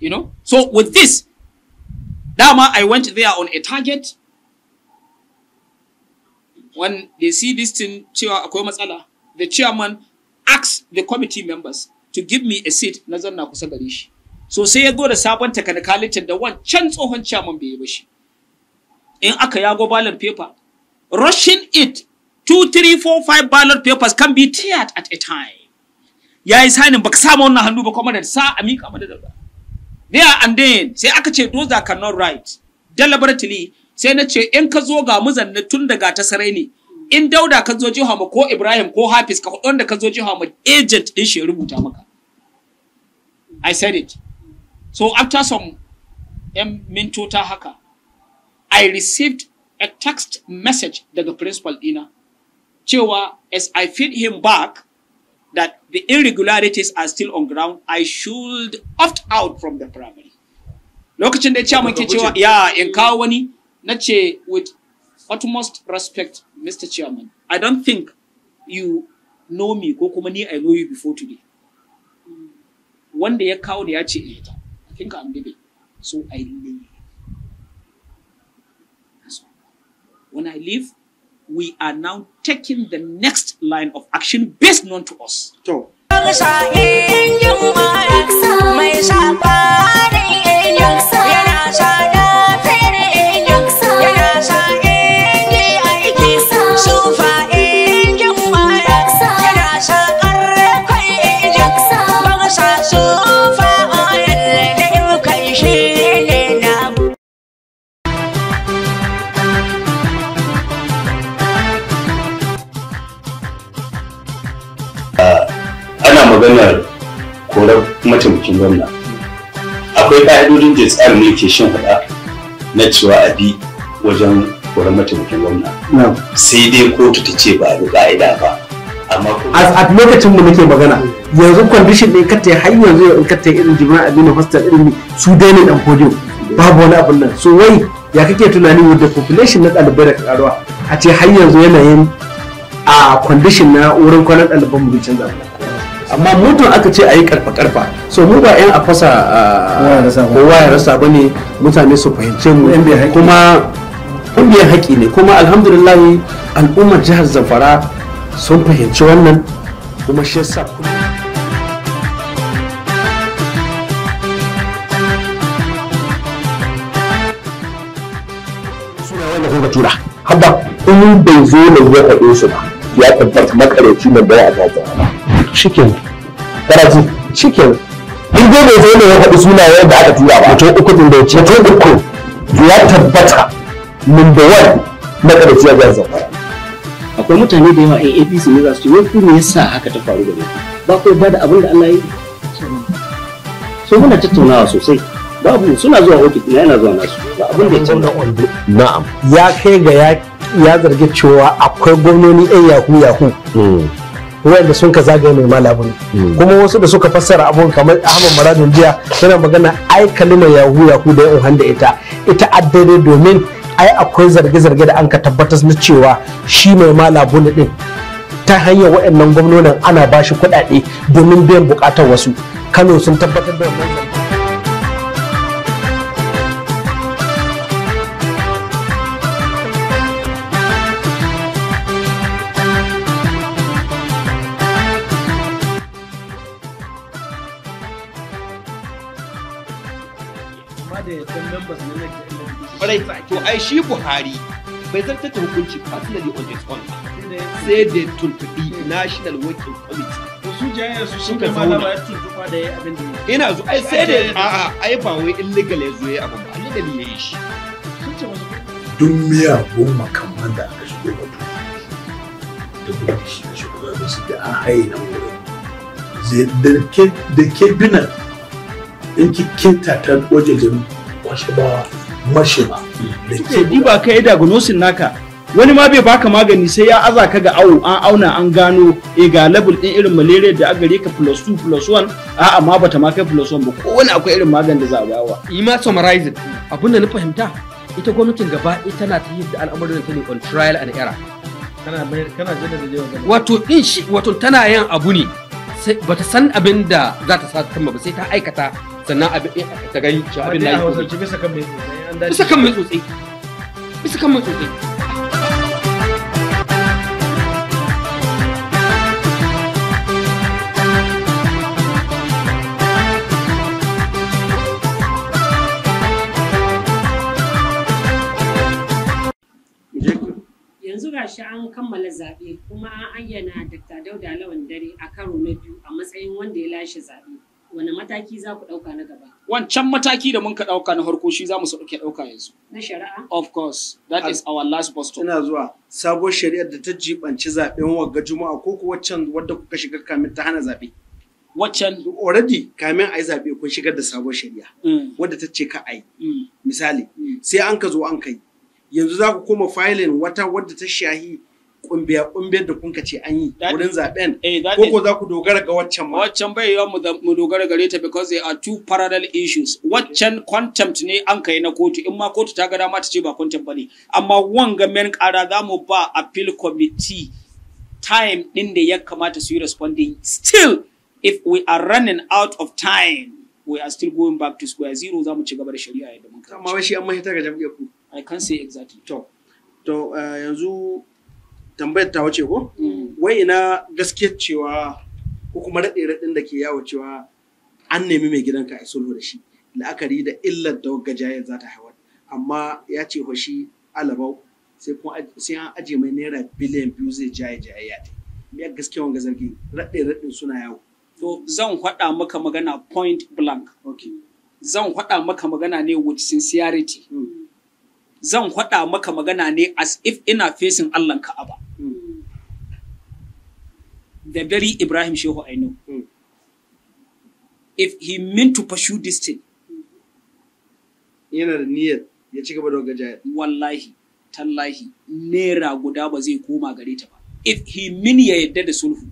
B: You know? So with this, dama I went there on a target, when they see this thing cewa akwai matsala the chairman asks the committee members to give me a seat na zanna kusa gare shi so sai ya go da sabon takanikalitin da wancan tsohon chairman bai yi ba shi in aka yago ballot paper rushing it two three four five ballot papers can be teared at a time ya yi sanin baka sa ma wannan hannu ba kuma da sa a miƙa madadar ba there and then sai aka ce those that cannot write deliberately sai na ce in ka zo ga muzanna tun daga ta sarai in dauda ka zo jiha ma ko ibrahim ko hafiz ka hudon da ka zo jiha ma agent din shi ya rubuta maka i said it so after some yan mintota haka i received a text message daga principal dina cewa as i feed him back that the irregularities are still on ground i should opt out from the primary lokacin da ya ce cewa ya in kawo wani na ce with utmost respect mr chairman i don't think you know me ko kuma ni i know you before today wanda ya kawo da ya ce eh i think i'm leaving so i leave when i leave we are now taking the next line of action based known to us to mai
A: maganar korar mataimakin gwamna akwai ka'idodin da tsarin ne ke shan hada na cewa a bi wajen korar mataimakin gwamna sai dai kotu ta ce ba a ka'ida ba amma a lokacin mu nake magana yanzu kwandishin ɗin ka har yanzu in ka irin jima'a abin hostel irin su dai ne dan podium babu wani abin nan so wai ya kake tunani with the population na ɗalibai da karuwa a ce har yanzu yanayin a kwandishin na wurin kwanan ɗaliban mu bai canza amma mutum aka ce a yi karfa-karfa so mu ba 'yan a fasa kowa ya rasa ba ne mutane su fahimce mu kuma ƙungiyar haƙi ne kuma alhamdulillah al'ummar jihar zamfara sun fahimci wannan kuma shi yasa suna tura haba in bai zo ne ya faɗe su ba ya tabbata makaraci na bai a gaba chicken garaji chicken in dai bai zai ne ya faɗi sunayen da aka tura ba mutum uku din da ya ce mutum uku ya tabbata number one na ƙarfi a jihar akwai mutane da yawa a apc ne za su ce ku kuma ya sa haka ta faru ni ba ku ba da abin da allah ya yi so muna tattaunawa sosai babu suna zuwa ofis na yana zuwa nasu ba abin da ya canza na'am ya kai ga ya zargi cewa akwai gwamnoni 'yan yahu yahu hmm. wanda sun ka zagaye mai ne hmm. kuma wasu da suka fassara abun kamar ahmad maradun jiya yana magana ai kalimar yahu yahu da yan da ita ita addare domin ai akwai zarge-zarge da an ka tabbatar na cewa shi mai ne din ta hanyar waɗannan gwamnonin ana bashi kuɗaɗe domin biyan buƙatar wasu kano sun tabbatar da ai shi buhari bai zartar da hukunci personally on his own sai da tuntubi national working committee su jayayyar su shi malama ya tuntuba da ya abin da ina zo ai sai da a'a ai ba wai illegal ya zo ya abu ba illegal ya yi shi duk miyagun makamman da aka shige ba to da shi shi kuma da su da an haye na wurin da ke binan in ki kinta ta wajen kwashe ba mashi ba suke diba ka yi diagnosis naka wani ma bai baka magani sai ya aza ka ga awo an auna an gano e ga level din irin malaria da aka gare ka plus 2 plus 1 Aa amma bata ma kai plus 1 ba ko wani akwai irin magani da za a bawa yi ma summarizing abin da na fahimta ita gwamnatin gaba ita na yi da al'amuran ta ne on trial and error kana kana jaddada wato din shi wato tana yin abu ne sai bata san abin da za ta sa ta ba sai ta aikata sannan ta eh, gani shi abin da ya yi bisa mai tsotsi bisa kan mai tsotsi bisa kan mai tsotsi
E: yanzu shi an kammala zaɓe kuma an ayyana Dr. Dauda Lawan Dare a karo na biyu a matsayin wanda ya lashe zaɓe. wani mataki za ku ɗauka na gaba?
B: Wancan mataki da mun ka ɗauka na harko shi za mu sauke ɗauka yanzu. Na shari'a? Of course, that is our last bus stop.
A: Ina zuwa sabuwar shari'ar da ta jibanci zaɓen wagga juma'a ko ko waccan wadda kuka shiga kamin ta hana zaɓe. Waccan? Already kamin a yi zaɓe kun shigar da sabuwar shari'a. Mm. Wadda ta ce ka a yi. Mm. Misali, mm. sai an ka zo an kai. Yanzu za ku koma filin wata
B: wadda ta shahi kumbiya kumbiyar da kun ce an yi wurin zaben eh, ko ko za ku dogara ga waccan ma waccan bai yiwa mu dogara gare ta because there are two parallel issues waccan contempt ne an kai na kotu in ma kotu ta ga dama ta ce ba contempt bane amma wanga men kara za mu ba appeal committee time din da ya kamata su yi responding still if we are running out of time we are still going back to square zero za mu ci gaba da shari'a yadda mun kai amma wai shi an mahita ga jam'iyyar ku i can't say exactly to to
A: eh, yanzu tambayar ta wace ko mm. wai ina gaskiya cewa ko kuma raɗe raɗin da ke yawo cewa an nemi mai gidanka a sulhu da shi la'akari da illar da wagga jayar za ta haifar amma ya ce wa shi alabau sai an aje mai naira biliyan biyu zai jaye jaye ya ta ya gaskiya wanga zargi raɗe raɗin suna yawo
B: to zan faɗa maka magana point blank okay. zan faɗa maka magana ne with sincerity hmm. zan faɗa maka magana ne as if ina facing Allah Ka'aba. the very Ibrahim Shehu I know, mm. if he meant to pursue this thing, yana da niyyar ya ci gaba da gajaya. Wallahi, tallahi, naira guda ba zai koma gare ta ba. If he mean ya yadda da sulhu,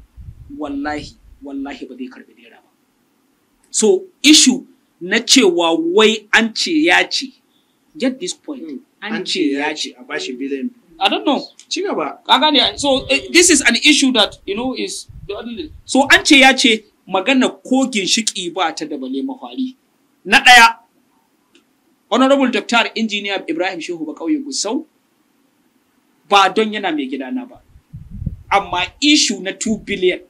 B: wallahi, wallahi ba zai karbi naira ba. So, issue na cewa wai an ce ya ce, get this point, mm. an ce ya ce a bashi biliyan I don't know. Chiga ba. Kagani, so uh, this is an issue that, you know, is so an ce ya ce magana ko ginshiƙi ba ta da bale mafari. na ɗaya honorable doctor engineer ibrahim shehu ba ƙauye gusau ba don yana mai gidana ba amma ishu na 2 billion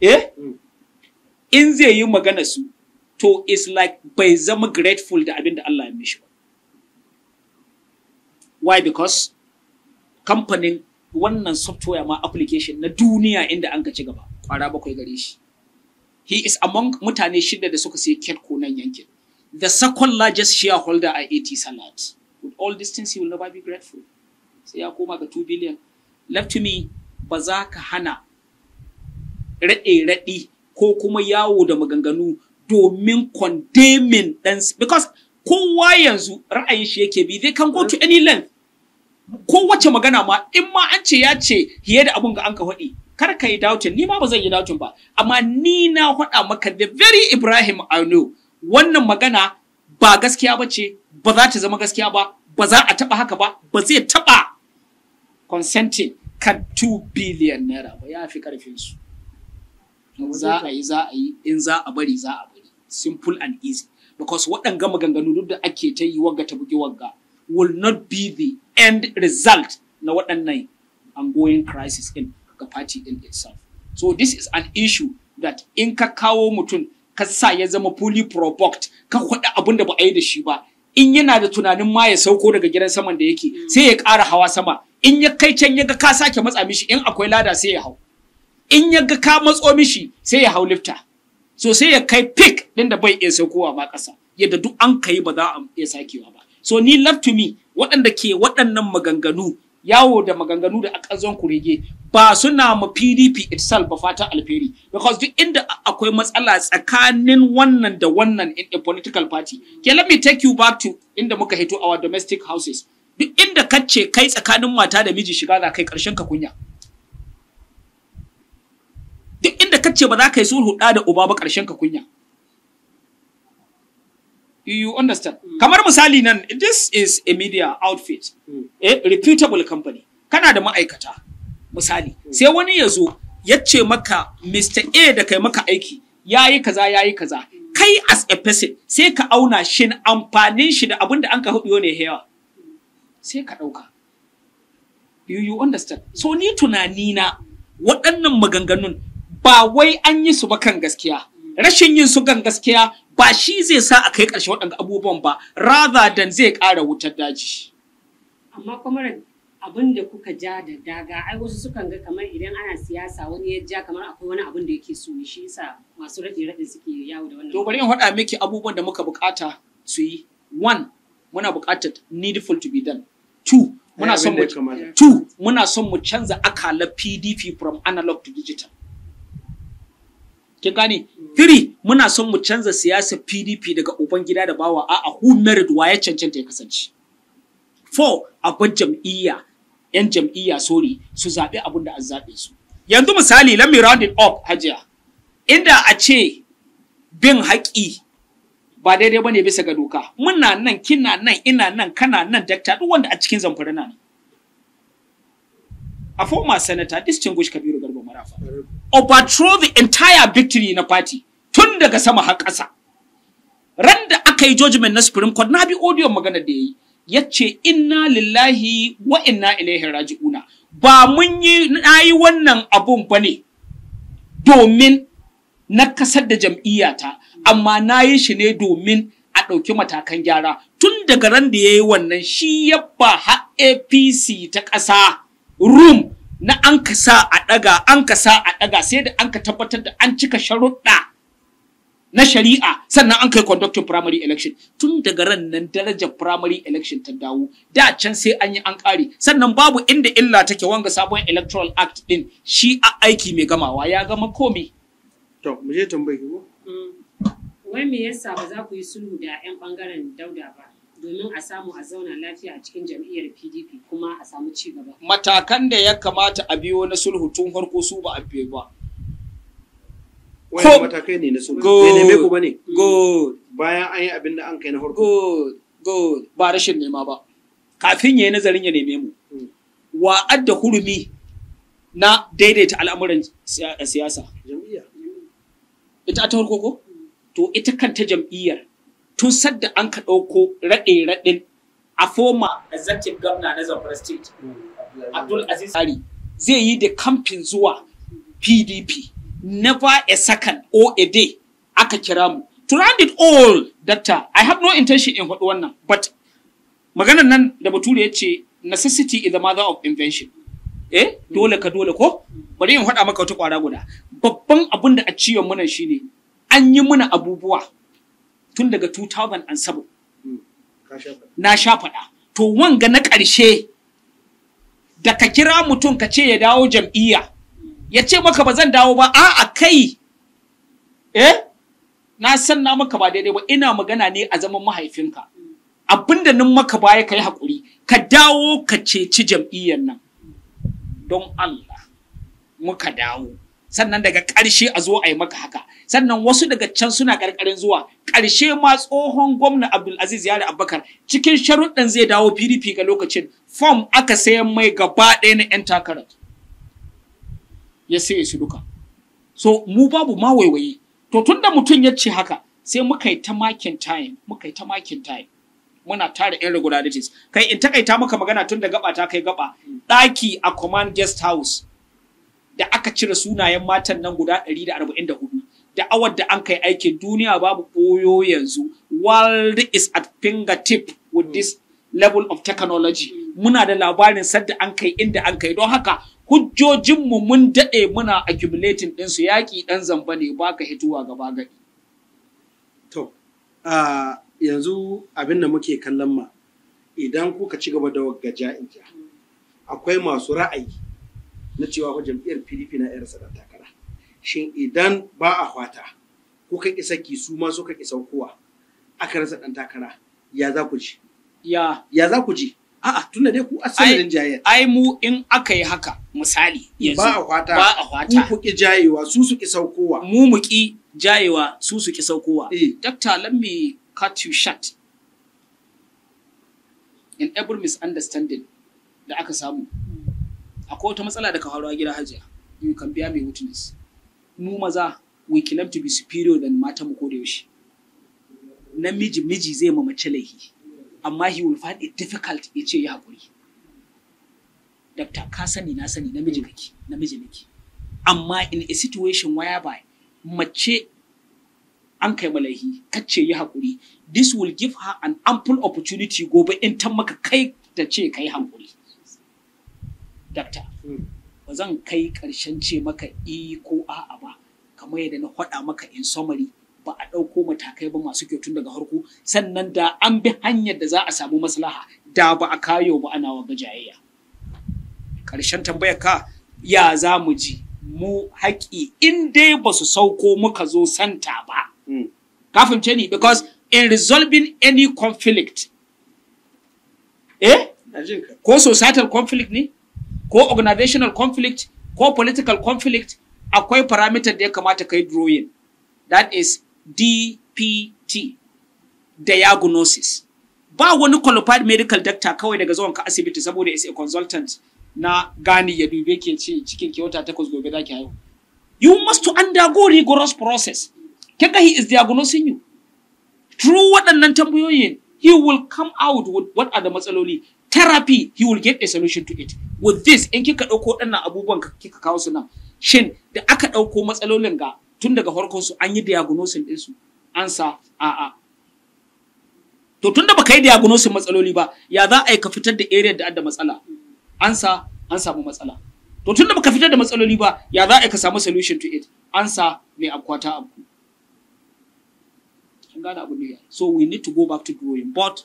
B: eh in zai yi magana su to is like bai zama grateful da abin da Allah ya mishi ba why because kamfanin wannan software ma application na duniya inda an ka ci gaba kwara bakwai gare shi he is among mutane shida da suka sai ko nan yankin the second largest shareholder a AT Salad with all these things he will never be grateful sai ya koma ga 2 billion left to me ba ka hana raɗe-raɗi ko kuma yawo da maganganu domin condemning ɗan because kowa yanzu ra'ayin shi yake bi they can go to any length kowace magana ma in ma an ce ya ce fiye da abun ga an ka faɗi kar ka yi doubting ni ma ba zan yi doubting ba amma ni na faɗa maka the very Ibrahim Aino wannan magana ba gaskiya ba ce ba za ta zama gaskiya ba ba za a taɓa haka ba ba zai taɓa consenting kan 2 billion naira ba ya fi karfin su za a yi za a yi in za a bari za a bari simple and easy because waɗanga maganganu duk da ake ta yi wagga ta bugi wagga will not be the end result na waɗannan ongoing crisis in the party in itself. So this is an issue that in ka kawo mutum ka sa ya zama fully provoked ka abunda abin da ba a yi da shi ba in yana da tunanin ma ya sauko daga gidan saman da yake mm. sai ya ƙara hawa sama in ya kai can ya ga ka sake matsa mishi in akwai lada sai ya hau in ya ga ka matso mishi sai ya hau lifta so sai ya kai pick din da bai iya saukowa ba ƙasa yadda duk an kai ba za a iya sakewa ba so ni love to me waɗanda ke waɗannan maganganu yawo da maganganu da akazon kurege ba suna ma PDP itself ba fata alheri because duk inda akwai matsala tsakanin wannan da wannan in a political party Okay, let me take you back to inda muka hito our domestic houses duk inda kace kai tsakanin mata da miji shiga za kai ƙarshen ka kunya duk inda kace ba za ka yi sulhu da uba ba karshen ka kunya You understand? Mm. Kamar misali nan, this is a media outfit, mm. a reputable company. Kana da ma'aikata, misali. Mm. Sai wani ya zo ya ce maka Mr. A da kai maka aiki, ya yi kaza, ya yi kaza. Kai as a person, sai ka auna shin amfanin shi da abin da an ka hudu ne hewa. Sai ka ɗauka. You, you understand? So ni tunanina waɗannan maganganun ba wai an yi su ba kan gaskiya. rashin yin su gan gaskiya ba shi zai sa a kai ƙarshen waɗanda abubuwan ba rather than zai ƙara wutar daji.
E: Amma kuma abin da kuka ja da daga ai wasu sukan ga kamar idan ana siyasa wani ya ja kamar akwai wani abin da yake so shi yasa masu raɗe raɗe suke yawo da wannan. To bari
B: in faɗa miki abubuwan da muka buƙata su yi. One muna buƙatar needful to be done. Two muna son mu two muna son mu canza akalar PDP from analog to digital. Kin gane Three, muna son mu canza siyasar PDP daga uban gida da bawa a who merid wa ya cancanta ya kasance. Four, bar jam'iyya, 'yan jam'iyya sori su zaɓi abin da an zaɓe su. Yanzu misali, let me round it up, hajiya. Inda a ce bin haƙi ba daidai bane bisa ga doka. Muna nan, kina nan, ina nan, kana nan, dakta, duk wanda a cikin zamfara na. A former senator, distinguished Kabiru overthrow the entire victory na party tun daga sama har ƙasa ran da aka yi judgment na supreme court na bi audio magana da yayi yace inna lillahi wa inna ilaihi raji'una ba mun yi nayi wannan abun bane domin na kasar da jam'iyyata amma na yi shi ne domin a ɗauki matakan gyara tun daga ran da ya yi wannan shi ya ba APC ta ƙasa room na an ka a ɗaga an ka sa a ɗaga sai da an ka tabbatar da an cika sharuɗa na shari'a sannan an kai conducting primary election tun daga ran nan darajar primary election ta dawo da can sai an yi an ƙare sannan babu inda illa take wanga sabon electoral act din shi a aiki mai gamawa ya gama komi to mu je ko mm.
E: wai me yasa ba za ku yi sulhu da 'yan bangaren dauda ba domin a samu a zauna lafiya a cikin jam'iyyar PDP kuma a samu ci gaba.
B: Matakan da ya kamata a biyo na sulhu tun farko su ba a biyo ba. Wani matakai ne na sulhu? Go. ba bane. Go. Bayan an yi abin da an kai na farko. Go. Go. Ba rashin nema ba. Kafin ya yi nazarin ya neme mu. Hmm. Wa adda hurumi na daidaita al'amuran siyasa. Jam'iyya. Ita ta farko ko? To ita kanta jam'iyyar tun sadda an ka ɗauko raɗe-raɗin a foma executive gwamna na Zamfara State, Abdul Aziz Ari, zai yi da kamfin zuwa PDP. Never a second or a day aka kira mu. To round it all, data I have no intention in hudu wannan, but maganar nan da Bature ya ce necessity is the mother of invention. Eh, dole ka dole ko? Bari in faɗa maka wata ƙwara guda. Babban abin da a ciwon muna shine an yi muna abubuwa tun daga 2007 hmm. na sha to wanga na ƙarshe da ka kira mutum ka ce ya dawo jam'iyya ya ce maka ba zan dawo ba a a kai eh na san na maka ba daidai ba ina magana ne a zaman mahaifinka abinda nan maka baya ka yi haƙuri ka dawo ka ceci jam'iyyar nan don Allah muka dawo sannan daga ƙarshe a zo a yi maka haka sannan wasu daga can suna ƙarƙarin zuwa ƙarshe ma tsohon gwamna abdulaziz yari abubakar cikin sharuɗin zai dawo pdp ga lokacin fom aka sayan mai gaba ɗaya na 'yan takarar ya sai su duka so mu babu ma waiwaye to tunda mutum ya ce haka sai muka yi ta makin time muka yi ta makin time muna tara irregularities kai in takaita maka magana tun da gaba ta kai gaba ɗaki a command guest house da aka cire sunayen matan nan guda ɗari da awar da an kai aikin duniya babu koyo yanzu world is at fingertip with this level of technology muna da labarin sadda an kai inda an kai don haka hujjojinmu mun daɗe muna accumulating ɗinsu yaƙi ɗan zamba ne ba ka hituwa gaba gari.
A: yanzu abin da muke kallon ma idan kuka ci gaba da wagga akwai masu ra'ayi na cewa wa jam'iyyar PDP na yar da takara shin idan ba a kwata kuka isa ki su ma suka ki saukowa aka rasa dan takara ya za ku ji
B: ya ya za ku ji a'a tunda dai ku asalin jayyar ai mu in aka yi haka misali yanzu ba a kwata ba a kwata ku ki jayewa su su ki saukowa mu mu ki jayewa su su ki saukowa eh. dakta let cut you short in every misunderstanding da aka samu akwai wata matsala da ka faru a gida hajiya you can bear me witness mu maza we claim to be superior than mata mu koda yaushe namiji miji zai ma mace laifi amma he will find it difficult ya ce ya hakuri dakta ka sani na sani namiji kake namiji nake amma in a situation whereby mace an kai malahi kacce yi hakuri this will give her an ample opportunity gobe in tan maka kai ta ce kai hakuri dakta hmm. ba zan kai ƙarshen ce maka i e ko a'a ba kamar yadda na faɗa maka in summary ba a ɗauko matakai ba masu kyau tun daga harko sannan da an bi hanyar da za a samu maslaha da ba a kayo ba ana wa gajayayya ƙarshen tambayar ka ya za mu ji mu haƙi in dai ba su sauko muka zo santa ba hmm. kafin ce ni because in resolving any conflict eh ko societal conflict ne ko organizational conflict ko political conflict akwai parameter da ya kamata ka yi drawing that is dpt diagnosis ba wani qualified medical doctor kawai daga zuwan ka asibiti saboda is a consultant na gani ya dube ke ce cikin kyauta takwas gobe za ki haihu you must to undergo rigorous process kaga he is diagnosing you through waɗannan tambayoyin he will come out with what are the matsaloli therapy he will get a solution to it with this in kika dauko ɗannan abubuwan kika kawo su nan shin da aka dauko matsalolin ga tun daga farkon su an yi diagnosis su ansa a a'a to tun da baka yi diagnosis matsaloli ba ya za a yi ka fitar da area da adda matsala ansa an samu matsala to tun da baka fitar da matsaloli ba ya za a yi ka samu solution to it ansa sa mai akwata abu an gane abu ne so we need to go back to drawing board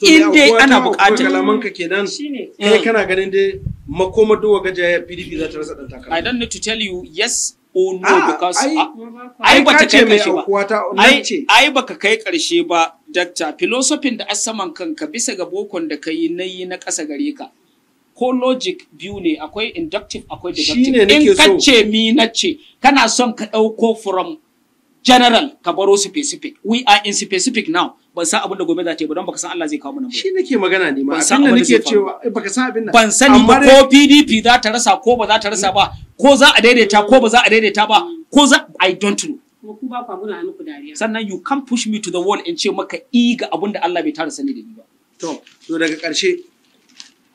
B: in dai ana bukatar. kalaman
A: kenan shine
B: eh kana ganin dai makoma dowa gaja PDP za ta rasa dan takara I don't need to tell you yes or no ah, because ai ta kai karshe
A: ba
B: ai baka kai karshe ba dakta filosofin da asaman kanka bisa ga bokon da kai nayi na kasa gare ka ko logic biyu ne akwai inductive akwai deductive in kace mi nace kana son ka ɗauko from general ka baro specific we are in specific now ban san abin da gobe za ta yi ba don baka san Allah zai kawo mana shi nake magana ne ma abin da nake cewa
A: baka san abin nan ban sani ba ko
B: PDP za ta rasa ko ba za ta rasa ba ko za a daidaita ko ba za a daidaita ba ko za I don't know sannan you can push me to the wall in ce maka i ga abin da Allah bai tara sani da ni ba to to daga karshe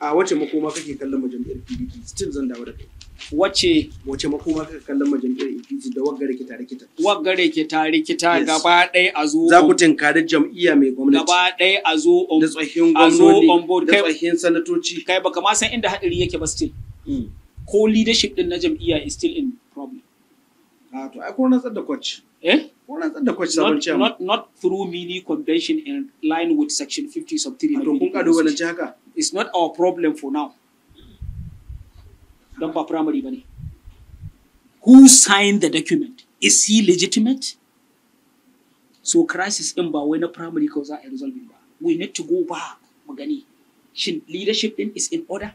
B: a wace makoma kake kallon ma
A: PDP still zan dawo da kai wace wace makoma kake kallon ma APC da waggare ke tare kita
B: waggare ke tare kita gaba ɗaya a zo za ku tinkari jam'iyya mai gwamnati gaba ɗaya a zo um, da tsohon gwamnati da tsohon sanatoci kai baka ma san inda hadari yake ba still hmm. ko leadership din na jam'iyya is still in problem a to ai ko
A: na da coach
B: eh ko rantsar da coach sabon chairman not not through mini convention in line with section 50 sub 3 to kun kado wannan haka is not our problem for now don ba primary ba who signed the document is he legitimate so crisis in ba wai na primary cause za a resolve ba we need to go back magani. shin leadership then is in order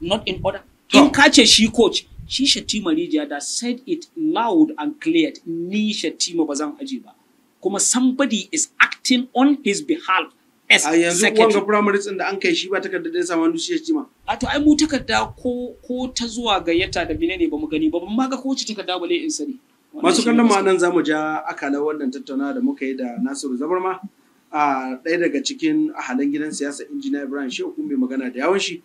B: not in order in kache she coach shi Shatima leader da said it loud and clear ni Shatima ba zan aje ba kuma somebody is acting on his behalf a yanzu wanga primary din da an kai shi ba takarda da ya samu hannu shi ma a to ai mu takarda ko ko ta zuwa gayyata da bine ne mu gani ba ban ma ga wacce takarda bale in sani masu kallon ma nan zamu
A: ja akalar wannan tattauna da muka yi da Nasiru Zabarma a ɗaya daga cikin ahalin gidan siyasa injiniya Ibrahim Shehu mai magana da yawan shi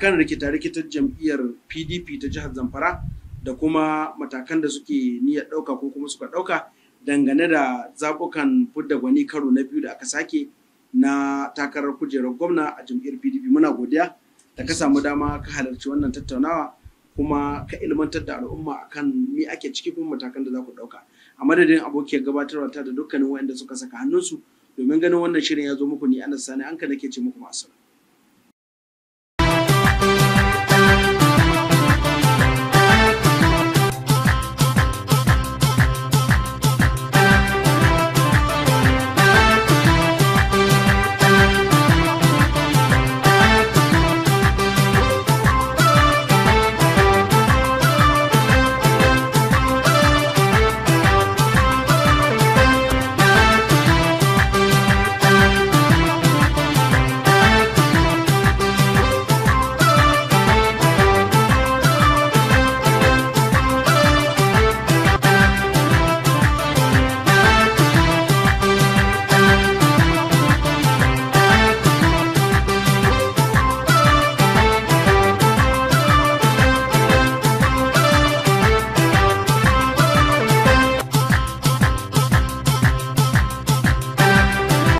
A: kan rikita-rikitar jam'iyyar PDP ta jihar Zamfara da kuma matakan da suke niyyar ɗauka ko kuma suka ɗauka dangane da zaɓukan fudda gwani karo na biyu da aka sake na takarar kujerar gwamna a jam'iyyar pdp muna godiya da ka samu dama ka halarci wannan tattaunawa kuma ka ilmantar da al'umma akan me ake ciki kuma matakan da za ku ɗauka a madadin abokiyar gabatarwa ta da dukkanin waɗanda suka saka hannunsu domin ganin wannan shirin ya zo muku ni anas sani an ka nake ce muku masu